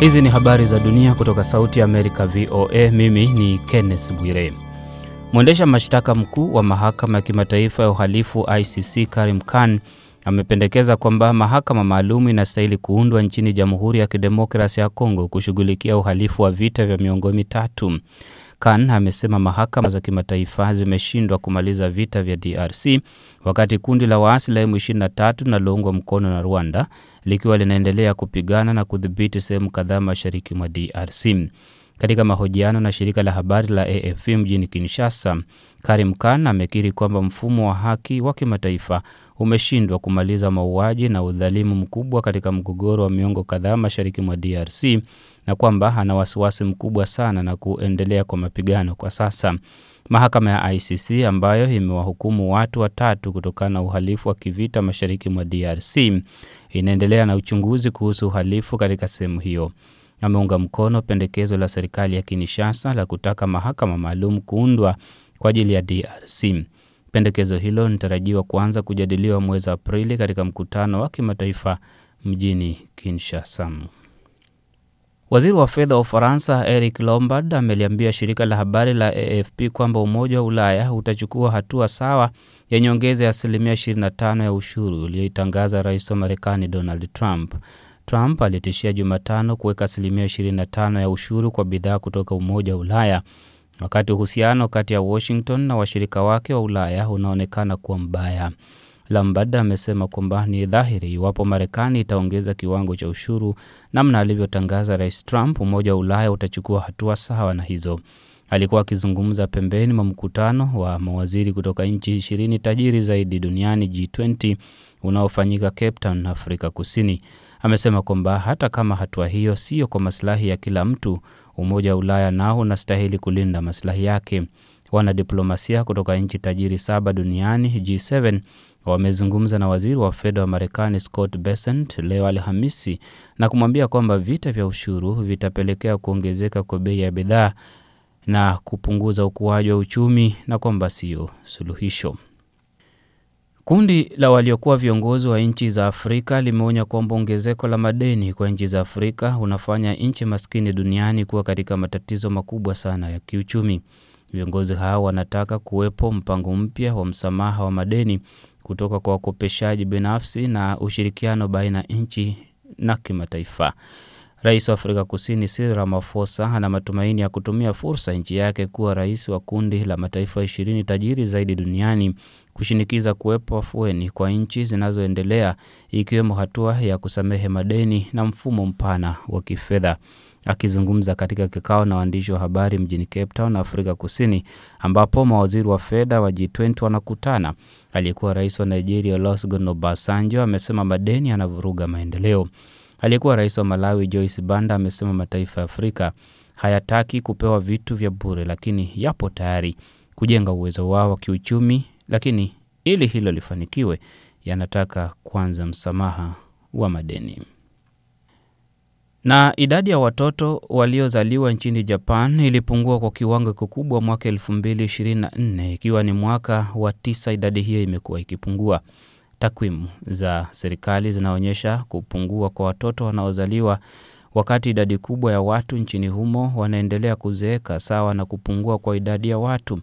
Hizi ni habari za dunia kutoka Sauti ya Amerika, VOA. Mimi ni kennes Bwire. Mwendesha mashtaka mkuu wa mahakama ya kimataifa ya uhalifu ICC Karim Khan amependekeza kwamba mahakama maalum inastahili kuundwa nchini Jamhuri ya kidemokrasi ya congo kushughulikia uhalifu wa vita vya miongo mitatu. kan amesema mahakama za kimataifa zimeshindwa kumaliza vita vya DRC wakati kundi la waasi la M23 linaloungwa mkono na Rwanda likiwa linaendelea kupigana na kudhibiti sehemu kadhaa mashariki mwa DRC. Katika mahojiano na shirika la habari la AFP mjini Kinshasa, Karim Khan amekiri kwamba mfumo wa haki wa kimataifa umeshindwa kumaliza mauaji na udhalimu mkubwa katika mgogoro wa miongo kadhaa mashariki mwa DRC na kwamba ana wasiwasi mkubwa sana na kuendelea kwa mapigano kwa sasa. Mahakama ya ICC ambayo imewahukumu watu watatu kutokana na uhalifu wa kivita mashariki mwa DRC inaendelea na uchunguzi kuhusu uhalifu katika sehemu hiyo ameunga mkono pendekezo la serikali ya kinishasa la kutaka mahakama maalum kuundwa kwa ajili ya DRC. Pendekezo hilo linatarajiwa kuanza kujadiliwa mwezi Aprili katika mkutano wa kimataifa mjini Kinshasa. Waziri wa fedha wa Ufaransa Eric Lombard ameliambia shirika la habari la AFP kwamba Umoja wa Ulaya utachukua hatua sawa ya nyongeza ya asilimia 25 ya ushuru uliyoitangaza rais wa Marekani Donald Trump. Trump alitishia Jumatano kuweka asilimia 25 ya ushuru kwa bidhaa kutoka Umoja wa Ulaya, wakati uhusiano kati ya Washington na washirika wake wa Ulaya unaonekana kuwa mbaya. lambad amesema kwamba ni dhahiri iwapo Marekani itaongeza kiwango cha ushuru namna alivyotangaza Rais Trump, Umoja wa Ulaya utachukua hatua sawa na hizo. Alikuwa akizungumza pembeni mwa mkutano wa mawaziri kutoka nchi ishirini tajiri zaidi duniani G20 unaofanyika Cape Town, Afrika Kusini. Amesema kwamba hata kama hatua hiyo siyo kwa masilahi ya kila mtu, Umoja wa Ulaya nao unastahili kulinda masilahi yake. Wanadiplomasia kutoka nchi tajiri saba duniani G7 wamezungumza na waziri wa fedha wa Marekani Scott Bessent leo Alhamisi na kumwambia kwamba vita vya ushuru vitapelekea kuongezeka kwa bei ya bidhaa na kupunguza ukuaji wa uchumi na kwamba sio suluhisho. Kundi la waliokuwa viongozi wa nchi za Afrika limeonya kwamba ongezeko la madeni kwa nchi za Afrika unafanya nchi maskini duniani kuwa katika matatizo makubwa sana ya kiuchumi. Viongozi hao wanataka kuwepo mpango mpya wa msamaha wa madeni kutoka kwa wakopeshaji binafsi na ushirikiano baina ya nchi na kimataifa. Rais wa Afrika Kusini Cyril Ramaphosa ana matumaini ya kutumia fursa nchi yake kuwa rais wa kundi la mataifa ishirini tajiri zaidi duniani kushinikiza kuwepo afueni kwa nchi zinazoendelea ikiwemo hatua ya kusamehe madeni na mfumo mpana wa kifedha. Akizungumza katika kikao na waandishi wa habari mjini Cape Town, Afrika Kusini, ambapo mawaziri wa fedha wa G20 wanakutana, aliyekuwa rais wa Nigeria Olusegun Obasanjo amesema madeni yanavuruga maendeleo. Aliyekuwa rais wa Malawi Joyce Banda amesema mataifa ya Afrika hayataki kupewa vitu vya bure, lakini yapo tayari kujenga uwezo wao wa kiuchumi lakini ili hilo lifanikiwe, yanataka kwanza msamaha wa madeni. Na idadi ya watoto waliozaliwa nchini Japan ilipungua kwa kiwango kikubwa mwaka e224 ikiwa ni mwaka wa tisa idadi hiyo imekuwa ikipungua. Takwimu za serikali zinaonyesha kupungua kwa watoto wanaozaliwa wakati idadi kubwa ya watu nchini humo wanaendelea kuzeeka sawa na kupungua kwa idadi ya watu.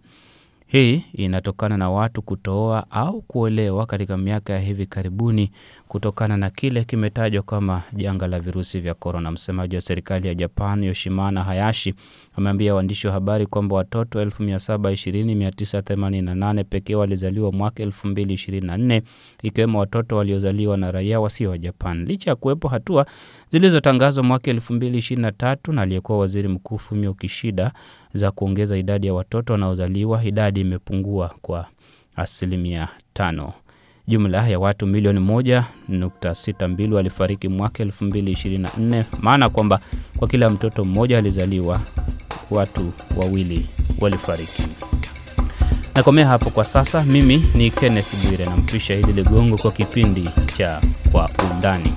Hii inatokana na watu kutooa au kuolewa katika miaka ya hivi karibuni kutokana na kile kimetajwa kama janga la virusi vya korona. Msemaji wa serikali ya Japan, Yoshimana Hayashi, ameambia waandishi wa habari kwamba watoto 720988 pekee walizaliwa mwaka 2024 ikiwemo watoto waliozaliwa na raia wasio wa Japan, licha ya kuwepo hatua zilizotangazwa mwaka 2023 na aliyekuwa waziri mkuu Fumio Kishida za kuongeza idadi ya watoto wanaozaliwa, idadi imepungua kwa asilimia tano. Jumla ya watu milioni 1.62 walifariki mwaka 2024, maana kwamba kwa kila mtoto mmoja alizaliwa watu wawili walifariki. Nakomea hapo kwa sasa. Mimi ni Kenneth Bwire, nampisha hili Ligongo kwa kipindi cha Kwa Undani.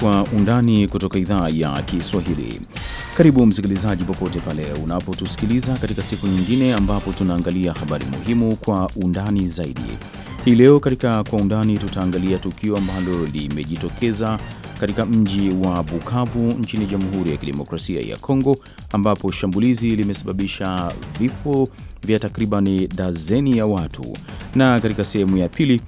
Kwa Undani kutoka idhaa ya Kiswahili. Karibu msikilizaji, popote pale unapotusikiliza katika siku nyingine ambapo tunaangalia habari muhimu kwa undani zaidi. Hii leo katika Kwa Undani tutaangalia tukio ambalo limejitokeza katika mji wa Bukavu nchini Jamhuri ya Kidemokrasia ya Kongo, ambapo shambulizi limesababisha vifo vya takribani dazeni ya watu, na katika sehemu ya pili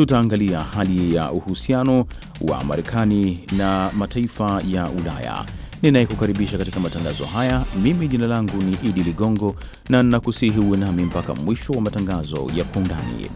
tutaangalia hali ya uhusiano wa Marekani na mataifa ya Ulaya. Ninayekukaribisha katika matangazo haya mimi, jina langu ni Idi Ligongo, na ninakusihi uwe nami mpaka mwisho wa matangazo ya Kwa Undani.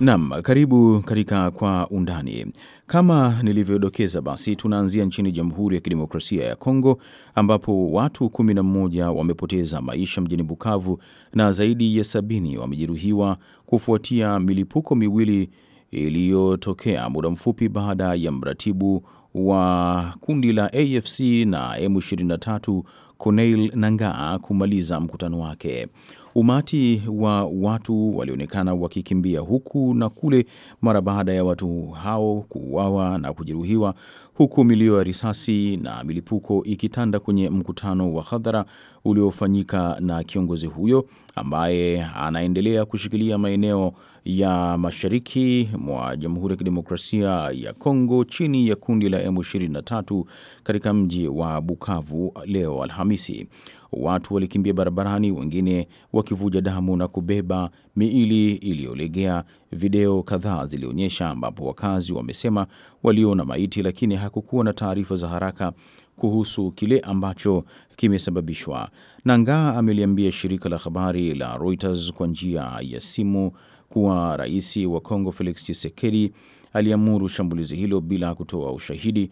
nam karibu katika Kwa Undani. Kama nilivyodokeza, basi tunaanzia nchini Jamhuri ya Kidemokrasia ya Kongo ambapo watu 11 wamepoteza maisha mjini Bukavu na zaidi ya sabini wamejeruhiwa kufuatia milipuko miwili iliyotokea muda mfupi baada ya mratibu wa kundi la AFC na M23 Corneille Nangaa kumaliza mkutano wake. Umati wa watu walionekana wakikimbia huku na kule mara baada ya watu hao kuuawa na kujeruhiwa, huku milio ya risasi na milipuko ikitanda kwenye mkutano wa hadhara uliofanyika na kiongozi huyo ambaye anaendelea kushikilia maeneo ya mashariki mwa Jamhuri ya Kidemokrasia ya Kongo chini ya kundi la M23 katika mji wa Bukavu leo Alhamisi. Watu walikimbia barabarani, wengine wakivuja damu na kubeba miili iliyolegea. Video kadhaa zilionyesha ambapo wakazi wamesema waliona maiti, lakini hakukuwa na taarifa za haraka kuhusu kile ambacho kimesababishwa. Nangaa ameliambia shirika la habari la Reuters kwa njia ya simu kuwa rais wa Kongo Felix Tshisekedi aliamuru shambulizi hilo bila kutoa ushahidi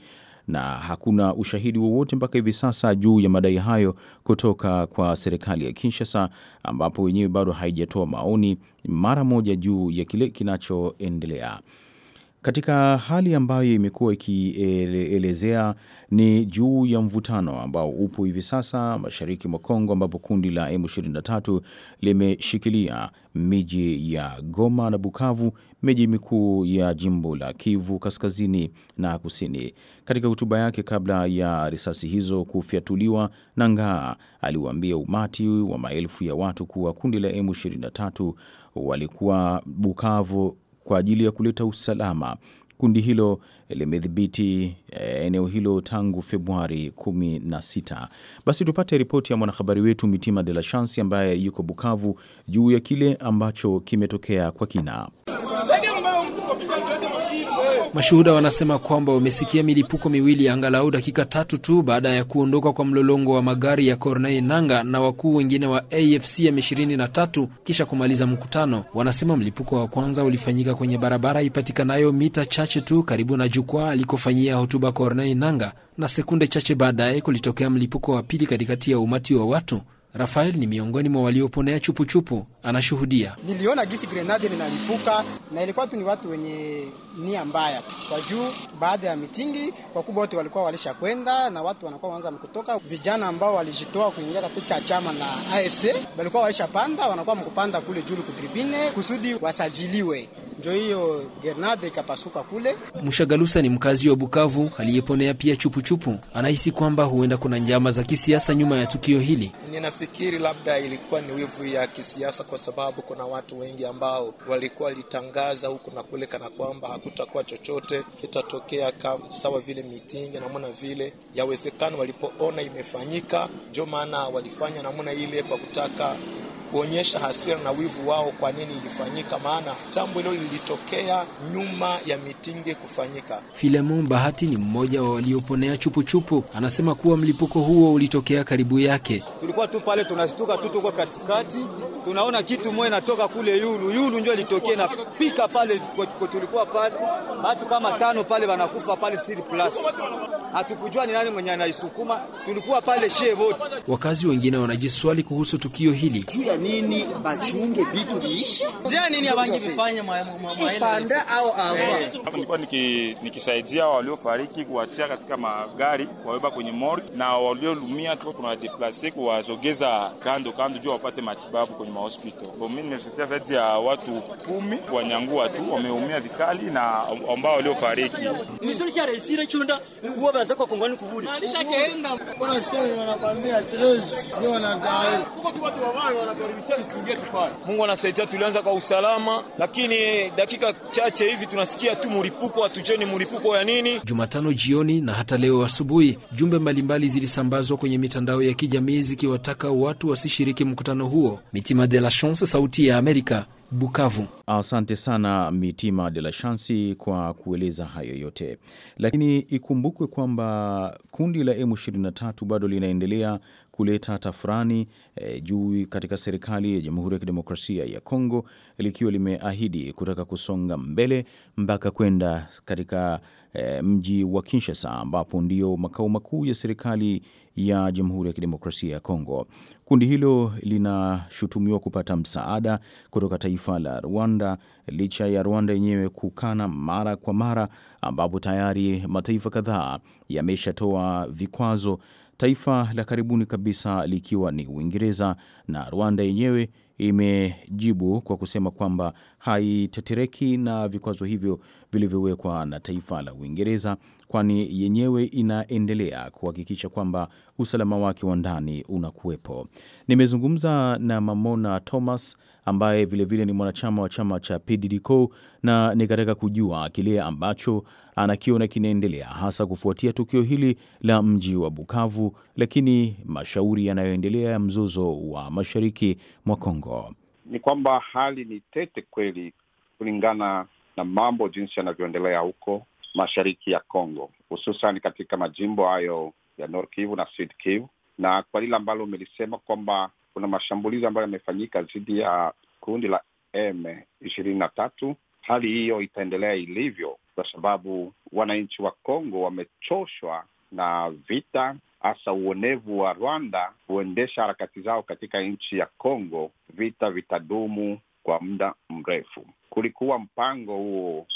na hakuna ushahidi wowote mpaka hivi sasa juu ya madai hayo kutoka kwa serikali ya Kinshasa, ambapo wenyewe bado haijatoa maoni mara moja juu ya kile kinachoendelea katika hali ambayo imekuwa ikielezea ni juu ya mvutano ambao upo hivi sasa mashariki mwa Kongo, ambapo kundi la M23 limeshikilia miji ya Goma na Bukavu, miji mikuu ya jimbo la Kivu kaskazini na kusini. Katika hotuba yake kabla ya risasi hizo kufyatuliwa na ngaa, aliwaambia umati wa maelfu ya watu kuwa kundi la M23 walikuwa Bukavu kwa ajili ya kuleta usalama. Kundi hilo limedhibiti eh, eneo hilo tangu Februari 16. Basi tupate ripoti ya mwanahabari wetu Mitima De La Chance ambaye yuko Bukavu juu ya kile ambacho kimetokea kwa kina. Mashuhuda wanasema kwamba wamesikia milipuko miwili ya angalau dakika tatu tu baada ya kuondoka kwa mlolongo wa magari ya Corneille nanga na wakuu wengine wa AFC M23 kisha kumaliza mkutano. Wanasema mlipuko wa kwanza ulifanyika kwenye barabara ipatikanayo mita chache tu karibu na jukwaa alikofanyia hotuba Corneille nanga na sekunde chache baadaye kulitokea mlipuko wa pili katikati ya umati wa watu. Rafael ni miongoni mwa walioponea chupuchupu, anashuhudia. Niliona gisi grenade linalipuka na ilikuwa tu ni watu wenye nia mbaya kwa juu. Baada ya mitingi, wakubwa wote walikuwa walisha kwenda na watu wanakuwa wanza mkutoka. Vijana ambao walijitoa kuingia katika chama la AFC walikuwa walishapanda, wanakuwa mkupanda kule juu kutribine kusudi wasajiliwe njo hiyo gernade ikapasuka kule. Mshagalusa ni mkazi wa Bukavu aliyeponea pia chupuchupu chupu. Anahisi kwamba huenda kuna njama za kisiasa nyuma ya tukio hili. Ninafikiri labda ilikuwa ni wivu ya kisiasa, kwa sababu kuna watu wengi ambao walikuwa walitangaza huku na kule kana kwamba hakutakuwa chochote kitatokea, sawa vile mitingi namna vile. yawezekano walipoona imefanyika, ndio maana walifanya namna ile kwa kutaka kuonyesha hasira na wivu wao, kwa nini ilifanyika, maana jambo hilo lilitokea nyuma ya mitingi kufanyika. Filemon Bahati ni mmoja wa walioponea chupuchupu, anasema kuwa mlipuko huo ulitokea karibu yake. Tulikuwa tu pale tunashtuka tu, tuko katikati tunaona kitu moja natoka kule yulu yulu, njo litokee na pika pale, tulikuwa pale watu kama tano pale wanakufa pale siri plus, hatukujua ni nani mwenye anaisukuma, tulikuwa pale wote. Wakazi wengine wanajiswali kuhusu tukio hili juu ya nini bachunge bitu biishi nini abangi vifanye ipanda eh, au ava. Eh. Nilikuwa nikisaidia waliofariki kuwatia katika magari kuwabeba kwenye morgue na waliolumia tuko tunawadeplase kuwazogeza kando kando juu wapate matibabu kwenye kwa Mimi nimesitia zaidi ya watu kumi wanyangua tu, wameumia vikali na ambao waliofariki Mungu anasaidia, tulianza kwa usalama, lakini dakika chache hivi tunasikia tu muripuko. Hatujeni mlipuko ya nini? Jumatano jioni na hata leo asubuhi, jumbe mbalimbali zilisambazwa kwenye mitandao ya kijamii zikiwataka watu wasishiriki mkutano huo. Mitima de la Chance, Sauti ya Amerika, Bukavu. Asante sana Mitima de la Chance kwa kueleza hayo yote, lakini ikumbukwe kwamba kundi la M23 bado linaendelea kuleta tafrani e, juu katika serikali ya Jamhuri ya Kidemokrasia ya Kongo likiwa limeahidi kutaka kusonga mbele mpaka kwenda katika e, mji wa Kinshasa ambapo ndio makao makuu ya serikali ya Jamhuri ya Kidemokrasia ya Kongo. Kundi hilo linashutumiwa kupata msaada kutoka taifa la Rwanda licha ya Rwanda yenyewe kukana mara kwa mara, ambapo tayari mataifa kadhaa yameshatoa vikwazo taifa la karibuni kabisa likiwa ni Uingereza, na Rwanda yenyewe imejibu kwa kusema kwamba haitetereki na vikwazo hivyo vilivyowekwa na taifa la Uingereza, kwani yenyewe inaendelea kuhakikisha kwamba usalama wake wa ndani unakuwepo. Nimezungumza na Mamona Thomas ambaye vilevile vile ni mwanachama wa chama cha PDDCO na nikataka kujua kile ambacho anakiona kinaendelea, hasa kufuatia tukio hili la mji wa Bukavu, lakini mashauri yanayoendelea ya mzozo wa mashariki mwa Kongo ni kwamba hali ni tete kweli, kulingana na mambo jinsi yanavyoendelea huko mashariki ya Kongo, hususan katika majimbo hayo ya Nord Kivu na Sud Kivu. Na kwa lile ambalo umelisema kwamba kuna mashambulizi ambayo yamefanyika dhidi ya kundi la M ishirini na tatu, hali hiyo itaendelea ilivyo kwa sababu wananchi wa Kongo wamechoshwa na vita, hasa uonevu wa Rwanda kuendesha harakati zao katika nchi ya Kongo. Vita vitadumu kwa muda mrefu. Kulikuwa mpango huo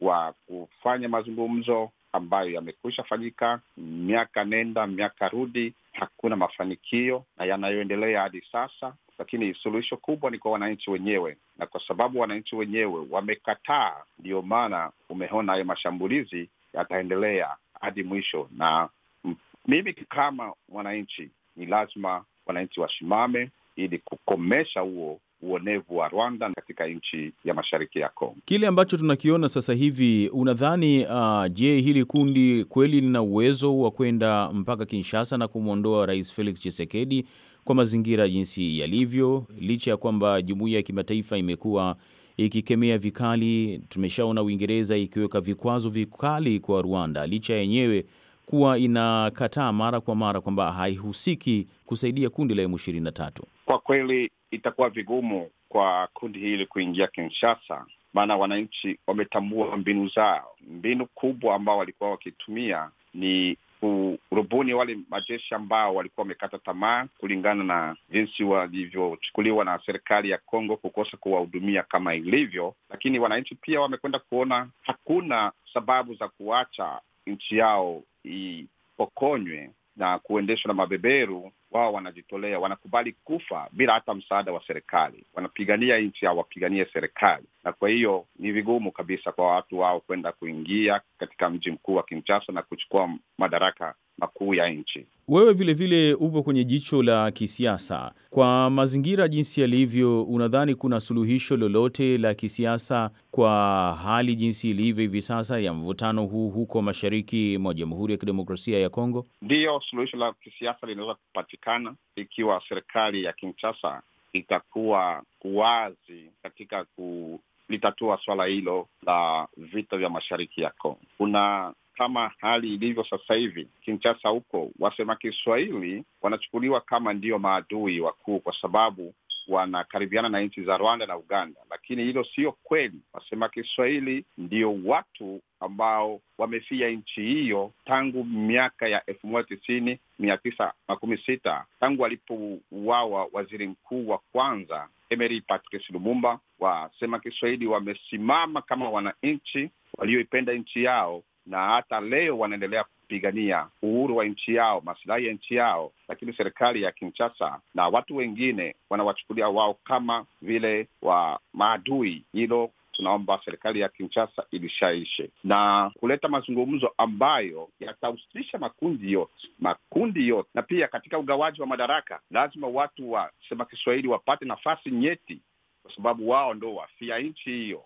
wa kufanya mazungumzo ambayo yamekwisha fanyika miaka nenda miaka rudi, hakuna mafanikio, na yanayoendelea hadi sasa lakini suluhisho kubwa ni kwa wananchi wenyewe, na kwa sababu wananchi wenyewe wamekataa, ndiyo maana umeona hayo mashambulizi yataendelea hadi mwisho. Na mimi kama mwananchi, ni lazima wananchi wasimame ili kukomesha huo uonevu wa Rwanda katika nchi ya mashariki ya Kongo. Kile ambacho tunakiona sasa hivi, unadhani uh, je, hili kundi kweli lina uwezo wa kwenda mpaka Kinshasa na kumwondoa Rais Felix chisekedi kwa mazingira jinsi yalivyo, licha ya kwamba jumuiya ya kimataifa imekuwa ikikemea vikali. Tumeshaona Uingereza ikiweka vikwazo vikali kwa Rwanda, licha yenyewe kuwa inakataa mara kwa mara kwamba haihusiki kusaidia kundi la M23. Kwa kweli itakuwa vigumu kwa kundi hili kuingia Kinshasa, maana wananchi wametambua mbinu zao. Mbinu kubwa ambao walikuwa wakitumia ni kurubuni wale majeshi ambao walikuwa wamekata tamaa kulingana na jinsi walivyochukuliwa na serikali ya Kongo kukosa kuwahudumia kama ilivyo. Lakini wananchi pia wamekwenda kuona hakuna sababu za kuacha nchi yao ipokonywe na kuendeshwa na mabeberu. Wao wanajitolea, wanakubali kufa bila hata msaada wa serikali, wanapigania nchi yao, wapiganie serikali na kwa hiyo ni vigumu kabisa kwa watu wao kwenda kuingia katika mji mkuu wa Kinshasa na kuchukua madaraka makuu ya nchi. Wewe vilevile upo kwenye jicho la kisiasa, kwa mazingira jinsi yalivyo, unadhani kuna suluhisho lolote la kisiasa kwa hali jinsi ilivyo hivi sasa ya mvutano huu huko mashariki mwa Jamhuri ya Kidemokrasia ya Kongo? Ndiyo, suluhisho la kisiasa linaweza kupatikana ikiwa serikali ya Kinshasa itakuwa wazi katika ku litatua swala hilo la vita vya mashariki ya Kongo. Kuna kama hali ilivyo sasa hivi Kinshasa huko, wasema Kiswahili wanachukuliwa kama ndio maadui wakuu, kwa sababu wanakaribiana na nchi za Rwanda na Uganda, lakini hilo sio kweli. Wasema Kiswahili ndio watu ambao wamefia nchi hiyo tangu miaka ya elfu moja tisini mia tisa makumi sita tangu walipouawa waziri mkuu wa kwanza Emery Patrice Lumumba, wasema Kiswahili wamesimama kama wananchi walioipenda nchi yao, na hata leo wanaendelea kupigania uhuru wa nchi yao, masilahi ya nchi yao, lakini serikali ya Kinshasa na watu wengine wanawachukulia wao kama vile wa maadui. Hilo tunaomba serikali ya Kinshasa ilishaishe na kuleta mazungumzo ambayo yatahusisha makundi yote, makundi yote. Na pia katika ugawaji wa madaraka lazima watu wasema Kiswahili wapate nafasi nyeti, kwa sababu wao ndo wafia nchi hiyo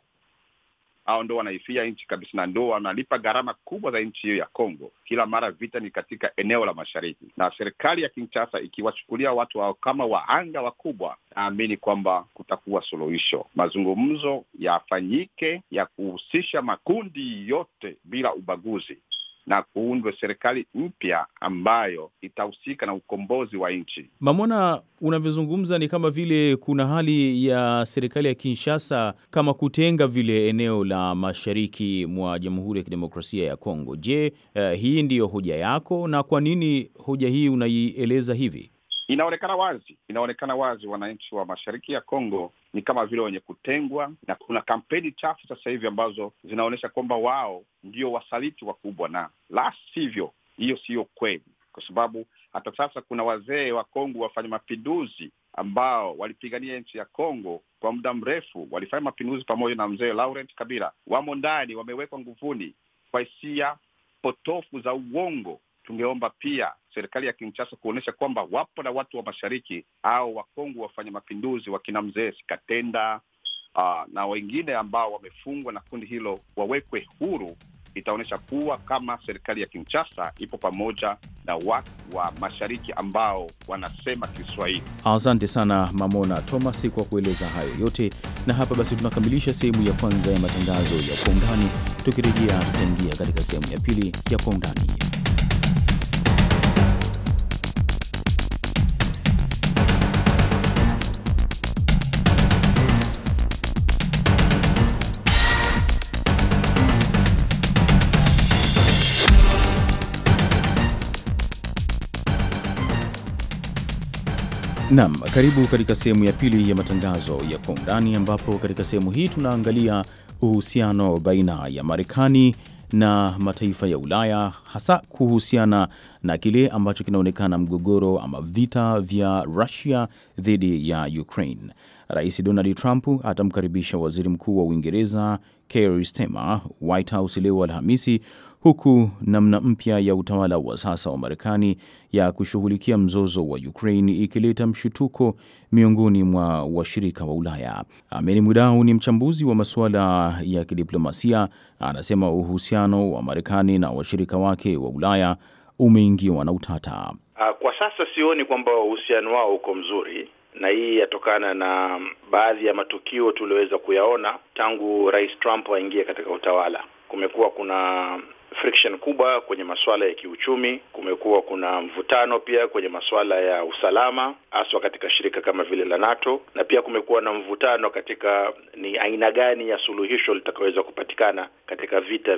au ndo wanaifia nchi kabisa, na ndo wanalipa gharama kubwa za nchi hiyo ya Kongo. Kila mara vita ni katika eneo la mashariki, na serikali ya Kinshasa ikiwachukulia watu hao kama waanga wakubwa, naamini kwamba kutakuwa suluhisho. Mazungumzo yafanyike ya kuhusisha makundi yote bila ubaguzi na kuundwa serikali mpya ambayo itahusika na ukombozi wa nchi. Mamona, unavyozungumza ni kama vile kuna hali ya serikali ya Kinshasa kama kutenga vile eneo la mashariki mwa Jamhuri ya Kidemokrasia ya Kongo. Je, uh, hii ndiyo hoja yako na kwa nini hoja hii unaieleza hivi? Inaonekana wazi, inaonekana wazi, wananchi wa mashariki ya Kongo ni kama vile wenye kutengwa, na kuna kampeni chafu sasa hivi ambazo zinaonyesha kwamba wao ndio wasaliti wakubwa, na la sivyo, hiyo siyo kweli, kwa sababu hata sasa kuna wazee wa Kongo wafanya mapinduzi ambao walipigania nchi ya Kongo kwa muda mrefu, walifanya mapinduzi pamoja na mzee Laurent Kabila, wamo ndani, wamewekwa nguvuni kwa hisia potofu za uongo tungeomba pia serikali ya Kinshasa kuonyesha kwamba wapo na watu wa mashariki au wakongwe wafanya mapinduzi wakina mzee Sikatenda uh, na wengine ambao wamefungwa na kundi hilo wawekwe huru. Itaonyesha kuwa kama serikali ya Kinshasa ipo pamoja na watu wa mashariki ambao wanasema Kiswahili. Asante sana Mamona Thomas kwa kueleza hayo yote, na hapa basi tunakamilisha sehemu ya kwanza ya matangazo ya Kwa Undani. Tukirejea tutaingia katika sehemu ya pili ya Kwa Undani. Naam, karibu katika sehemu ya pili ya matangazo ya kwa undani, ambapo katika sehemu hii tunaangalia uhusiano baina ya Marekani na mataifa ya Ulaya hasa kuhusiana na kile ambacho kinaonekana mgogoro ama vita vya Russia dhidi ya Ukraine. Rais Donald Trump atamkaribisha Waziri Mkuu wa Uingereza Keir Starmer White House leo Alhamisi, huku namna mpya ya utawala wa sasa wa Marekani ya kushughulikia mzozo wa Ukraine ikileta mshituko miongoni mwa washirika wa Ulaya. ameni Mudau ni mchambuzi wa masuala ya kidiplomasia, anasema uhusiano wa Marekani na washirika wake wa Ulaya umeingiwa na utata. Ah, kwa sasa sioni kwamba uhusiano wao uko mzuri na hii yatokana na baadhi ya matukio tulioweza kuyaona tangu Rais Trump aingie katika utawala. Kumekuwa kuna friction kubwa kwenye masuala ya kiuchumi. Kumekuwa kuna mvutano pia kwenye masuala ya usalama, haswa katika shirika kama vile la NATO, na pia kumekuwa na mvutano katika ni aina gani ya suluhisho litakaweza kupatikana katika vita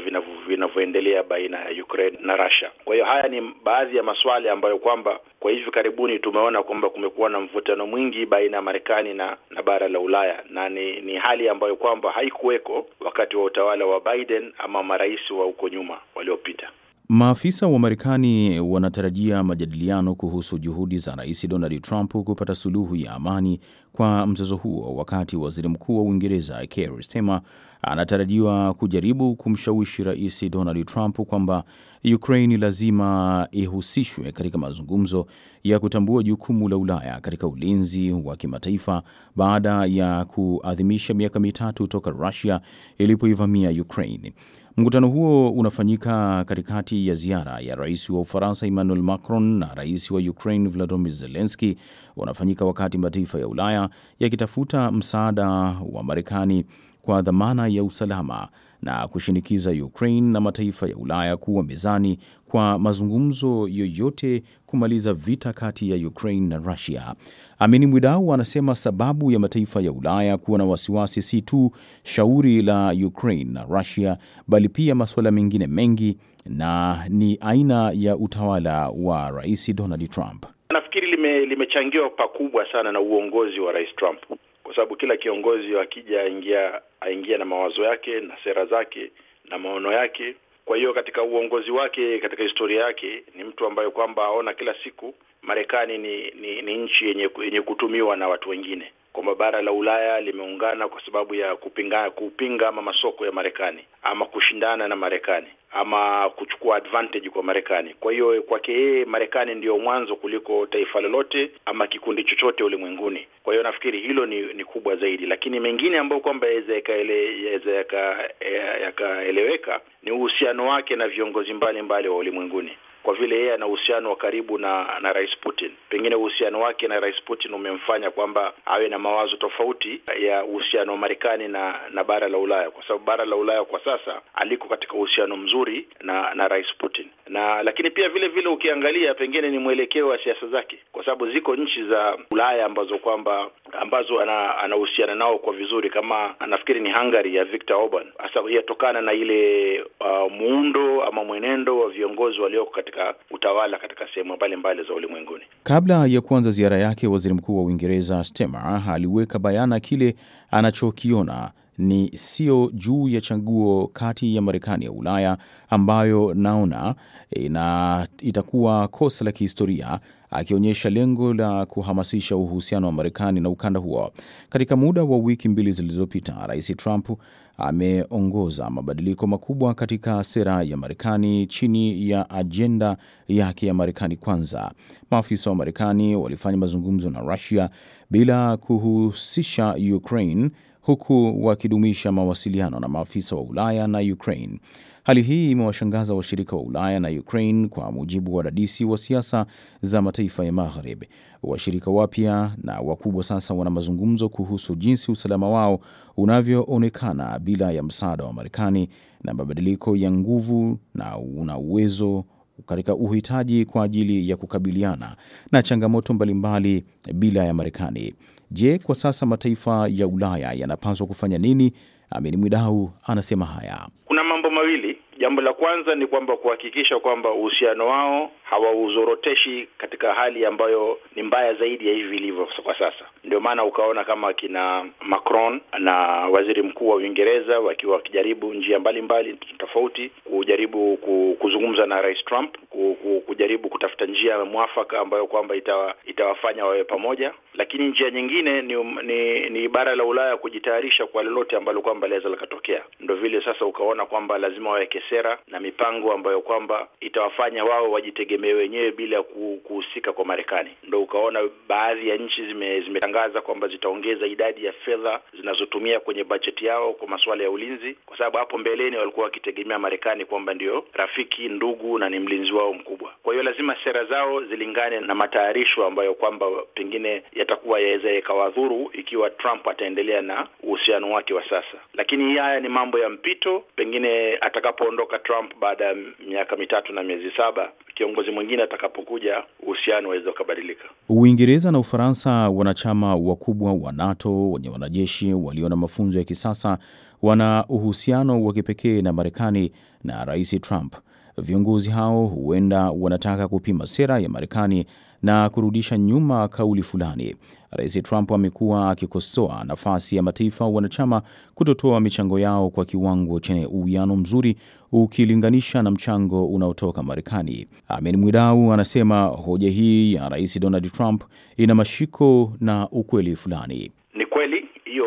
vinavyoendelea baina ya Ukraine na Russia. Kwa hiyo haya ni baadhi ya maswali ambayo kwamba kwa hivi karibuni tumeona kwamba kumekuwa na mvutano mwingi baina ya Marekani na, na bara la Ulaya na ni, ni hali ambayo kwamba haikuweko wakati wa utawala wa Biden ama marais wa huko nyuma waliopita. Maafisa wa Marekani wanatarajia majadiliano kuhusu juhudi za Rais Donald Trump kupata suluhu ya amani kwa mzozo huo, wakati Waziri Mkuu wa Uingereza Keir Starmer anatarajiwa kujaribu kumshawishi Rais Donald Trump kwamba Ukraine lazima ihusishwe katika mazungumzo ya kutambua jukumu la Ulaya katika ulinzi wa kimataifa baada ya kuadhimisha miaka mitatu toka Russia ilipoivamia Ukraine. Mkutano huo unafanyika katikati ya ziara ya rais wa Ufaransa Emmanuel Macron na rais wa Ukraine vladimir zelenski Unafanyika wakati mataifa ya Ulaya yakitafuta msaada wa Marekani kwa dhamana ya usalama na kushinikiza Ukraine na mataifa ya Ulaya kuwa mezani kwa mazungumzo yoyote kumaliza vita kati ya Ukraine na Russia. Amini Mwidau anasema sababu ya mataifa ya Ulaya kuwa na wasiwasi si tu shauri la Ukraine na Russia, bali pia masuala mengine mengi na ni aina ya utawala wa Rais Donald Trump. Nafikiri lime, limechangiwa pakubwa sana na uongozi wa Rais Trump kwa sababu kila kiongozi akija aingia aingia na mawazo yake na sera zake na maono yake. Kwa hiyo katika uongozi wake, katika historia yake, ni mtu ambaye kwamba aona kila siku Marekani ni, ni, ni nchi yenye, yenye kutumiwa na watu wengine kwamba bara la Ulaya limeungana kwa sababu ya kupinga, kupinga ama masoko ya Marekani ama kushindana na Marekani ama kuchukua advantage kwa Marekani. Kwa hiyo kwake yeye Marekani ndiyo mwanzo kuliko taifa lolote ama kikundi chochote ulimwenguni. Kwa hiyo nafikiri hilo ni, ni kubwa zaidi, lakini mengine ambayo kwamba yaweza yakaeleweka ni uhusiano wake na viongozi mbalimbali wa ulimwenguni kwa vile yeye ana uhusiano wa karibu na na Rais Putin. Pengine uhusiano wake na Rais Putin umemfanya kwamba awe na mawazo tofauti ya uhusiano wa Marekani na na bara la Ulaya, kwa sababu bara la Ulaya kwa sasa aliko katika uhusiano mzuri na na Rais Putin, na lakini pia vile vile ukiangalia pengine ni mwelekeo wa siasa zake, kwa sababu ziko nchi za Ulaya ambazo kwamba ambazo anahusiana ana nao kwa vizuri, kama nafikiri ni Hungary ya Viktor Orban, hasa yatokana na ile uh, muundo ama mwenendo wa viongozi walioko katika katika utawala katika sehemu mbalimbali za ulimwenguni. Kabla ya kuanza ziara yake, waziri mkuu wa Uingereza Starmer aliweka bayana kile anachokiona ni sio juu ya chaguo kati ya Marekani ya Ulaya ambayo naona e, na itakuwa kosa la kihistoria akionyesha lengo la kuhamasisha uhusiano wa Marekani na ukanda huo. Katika muda wa wiki mbili zilizopita, Rais Trump ameongoza mabadiliko makubwa katika sera ya Marekani chini ya ajenda yake ya Marekani kwanza. Maafisa wa Marekani walifanya mazungumzo na Rusia bila kuhusisha Ukraine huku wakidumisha mawasiliano na maafisa wa Ulaya na Ukraine. Hali hii imewashangaza washirika wa Ulaya na Ukraine, kwa mujibu wa wadadisi wa siasa za mataifa ya Magharibi. Washirika wapya na wakubwa sasa wana mazungumzo kuhusu jinsi usalama wao unavyoonekana bila ya msaada wa Marekani na mabadiliko ya nguvu na una uwezo katika uhitaji kwa ajili ya kukabiliana na changamoto mbalimbali bila ya Marekani. Je, kwa sasa mataifa ya Ulaya yanapaswa kufanya nini? Amin Mwidau anasema haya. mambo mawili Jambo la kwanza ni kwamba kuhakikisha kwamba uhusiano wao hawauzoroteshi katika hali ambayo ni mbaya zaidi ya hivi ilivyo kwa sasa. Ndio maana ukaona kama kina Macron na waziri mkuu wa Uingereza wakiwa wakijaribu njia mbalimbali mbali, tofauti kujaribu kuzungumza na Rais Trump, kujaribu kutafuta njia mwafaka ambayo kwamba itawa, itawafanya wawe pamoja. Lakini njia nyingine ni, ni, ni bara la Ulaya kujitayarisha kwa lolote ambalo kwamba linaweza likatokea. ndo vile sasa ukaona kwamba lazima waweke sera na mipango ambayo kwamba itawafanya wao wajitegemee wenyewe bila kuhusika kwa Marekani. Ndo ukaona baadhi ya nchi zime, zimetangaza kwamba zitaongeza idadi ya fedha zinazotumia kwenye bajeti yao kwa masuala ya ulinzi, kwa sababu hapo mbeleni walikuwa wakitegemea Marekani kwamba ndio rafiki, ndugu na ni mlinzi wao mkubwa. Kwa hiyo lazima sera zao zilingane na matayarisho ambayo kwamba pengine yatakuwa yaweza yakawadhuru ikiwa Trump ataendelea na uhusiano wake wa sasa, lakini haya ni mambo ya mpito, pengine atakapo kuondoka Trump baada ya miaka mitatu na miezi saba, kiongozi mwingine atakapokuja, uhusiano waweza ukabadilika. Uingereza na Ufaransa, wanachama wakubwa wa NATO wenye wanajeshi walio na mafunzo ya kisasa, wana uhusiano wa kipekee na Marekani na Rais Trump. Viongozi hao huenda wanataka kupima sera ya Marekani na kurudisha nyuma kauli fulani. Rais Trump amekuwa akikosoa nafasi ya mataifa wanachama kutotoa michango yao kwa kiwango chenye uwiano mzuri ukilinganisha na mchango unaotoka Marekani. Amin Mwidau anasema hoja hii ya Rais Donald Trump ina mashiko na ukweli fulani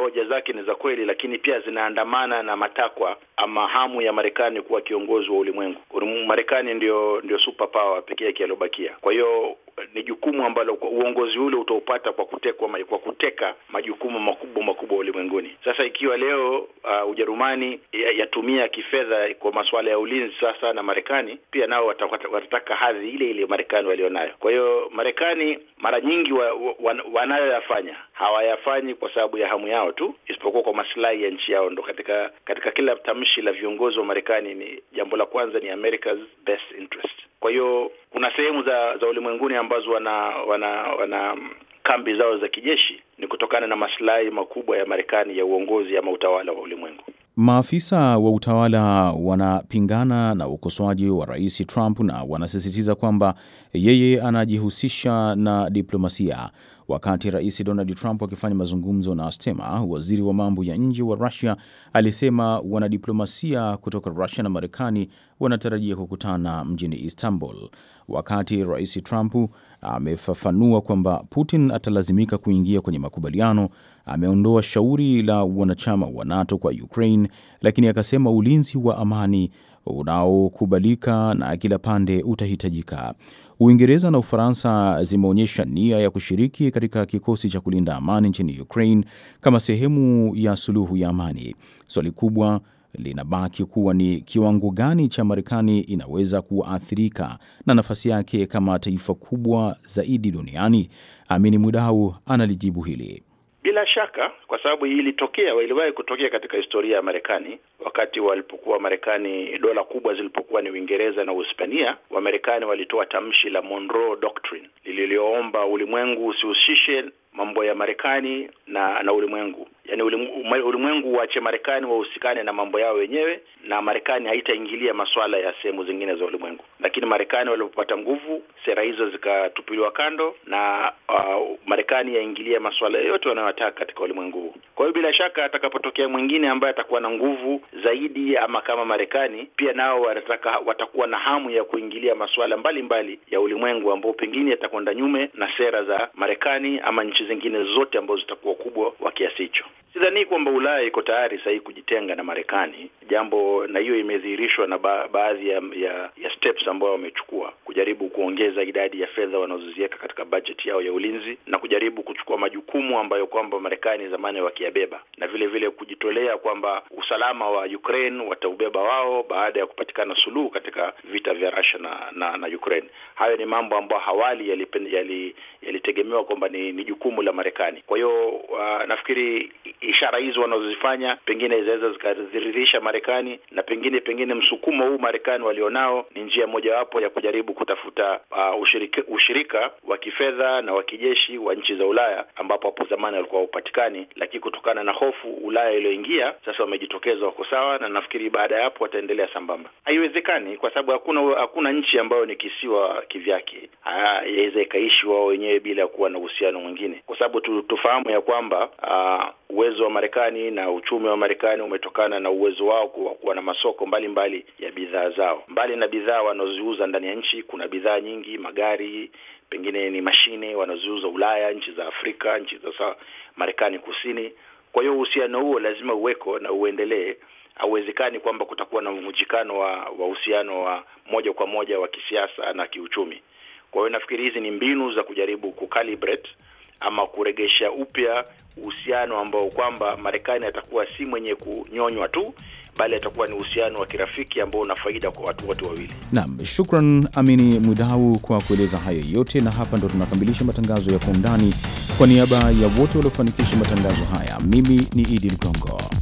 hoja zake ni za kweli, lakini pia zinaandamana na matakwa ama hamu ya Marekani kuwa kiongozi wa ulimwengu. Marekani ndio ndio super power pekee yake aliyobakia. Kwa hiyo ni jukumu ambalo uongozi ule utaupata kwa kutekwa, kwa kuteka majukumu makubwa makubwa ulimwenguni. Sasa ikiwa leo uh, Ujerumani yatumia ya kifedha kwa masuala ya ulinzi sasa na Marekani pia nao watataka hadhi ile ile Marekani walionayo. Kwa hiyo Marekani mara nyingi wa, wa, wanayoyafanya hawayafanyi kwa sababu ya hamu yao tu, isipokuwa kwa maslahi ya nchi yao. Ndo katika katika kila tamshi la viongozi wa Marekani ni jambo la kwanza ni America's best interest. Kwa hiyo kuna sehemu za, za ulimwenguni ambazo wana wana wana kambi zao za kijeshi ni kutokana na masilahi makubwa ya Marekani ya uongozi ama utawala wa ulimwengu. Maafisa wa utawala wanapingana na ukosoaji wa Rais Trump na wanasisitiza kwamba yeye anajihusisha na diplomasia. Wakati Rais Donald Trump akifanya mazungumzo na Stema, waziri wa mambo ya nje wa Rusia, alisema wanadiplomasia kutoka Rusia na Marekani wanatarajia kukutana mjini Istanbul, wakati Rais Trump amefafanua kwamba Putin atalazimika kuingia kwenye makubaliano. Ameondoa shauri la wanachama wa NATO kwa Ukraine, lakini akasema ulinzi wa amani unaokubalika na kila pande utahitajika. Uingereza na Ufaransa zimeonyesha nia ya kushiriki katika kikosi cha kulinda amani nchini Ukraine kama sehemu ya suluhu ya amani. Swali kubwa linabaki kuwa ni kiwango gani cha Marekani inaweza kuathirika na nafasi yake kama taifa kubwa zaidi duniani. Amini Mwidau analijibu hili. Bila shaka, kwa sababu ilitokea, iliwahi kutokea katika historia ya Marekani wakati walipokuwa Marekani dola kubwa zilipokuwa ni Uingereza na Uhispania. Wamarekani walitoa tamshi la Monroe Doctrine lililoomba ulimwengu usihusishe mambo ya Marekani na na ulimwengu yani ulimwengu uache Marekani wahusikane na mambo yao wenyewe, na Marekani haitaingilia masuala ya sehemu zingine za ulimwengu. Lakini Marekani walipopata nguvu, sera hizo zikatupiliwa kando na uh, Marekani yaingilia masuala yoyote wanayotaka katika ulimwengu huu. Kwa hiyo bila shaka atakapotokea mwingine ambaye atakuwa na nguvu zaidi, ama kama Marekani pia nao wanataka, watakuwa na hamu ya kuingilia masuala mbalimbali mbali ya ulimwengu ambao pengine yatakwenda nyume na sera za Marekani ama nchi zingine zote ambazo zitakuwa kubwa wa kiasi hicho. Sidhani kwamba Ulaya iko tayari sahii kujitenga na Marekani jambo, na hiyo imedhihirishwa na ba baadhi ya, ya, ya steps ambayo wamechukua kujaribu kuongeza idadi ya fedha wanazoziweka katika bajeti yao ya ulinzi na kujaribu kuchukua majukumu ambayo kwamba Marekani zamani wakiyabeba, na vile vile kujitolea kwamba usalama wa Ukraine wataubeba wao baada ya kupatikana suluhu katika vita vya Russia na, na, na Ukraine. Hayo ni mambo ambayo hawali yalitegemewa yali, yali kwamba ni, ni jukumu la Marekani. Kwa hiyo uh, nafikiri ishara hizo wanazozifanya pengine zinaweza zikaziridhisha Marekani, na pengine pengine msukumo huu Marekani walionao ni njia mojawapo ya kujaribu kutafuta uh, ushirika, ushirika wa kifedha na wa kijeshi wa nchi za Ulaya ambapo hapo zamani walikuwa haupatikani, lakini kutokana na hofu Ulaya iliyoingia sasa wamejitokeza, wako sawa, na nafikiri baada ya hapo wataendelea sambamba. Haiwezekani kwa sababu hakuna hakuna nchi ambayo ni kisiwa kivyake yaweza ikaishi wao wenyewe bila kuwa na uhusiano mwingine, kwa sababu tufahamu ya kwamba uh, uwezo wa Marekani na uchumi wa Marekani umetokana na uwezo wao kuwa, kuwa na masoko mbalimbali mbali ya bidhaa zao. Mbali na bidhaa wanaziuza ndani ya nchi, kuna bidhaa nyingi, magari, pengine ni mashine wanaziuza Ulaya, nchi za Afrika, nchi za Marekani Kusini. Kwa hiyo uhusiano huo lazima uweko na uendelee. Hauwezekani kwamba kutakuwa na mvunjikano wa uhusiano wa moja kwa moja wa kisiasa na kiuchumi. Kwa hiyo nafikiri hizi ni mbinu za kujaribu kucalibrate ama kuregesha upya uhusiano ambao kwamba Marekani atakuwa si mwenye kunyonywa tu, bali atakuwa ni uhusiano wa kirafiki ambao una faida kwa watu wote wawili. Naam, shukran Amini Mwidau kwa kueleza hayo yote, na hapa ndo tunakamilisha matangazo ya Kwa Undani. Kwa niaba ya wote waliofanikisha matangazo haya, mimi ni Idi Ligongo.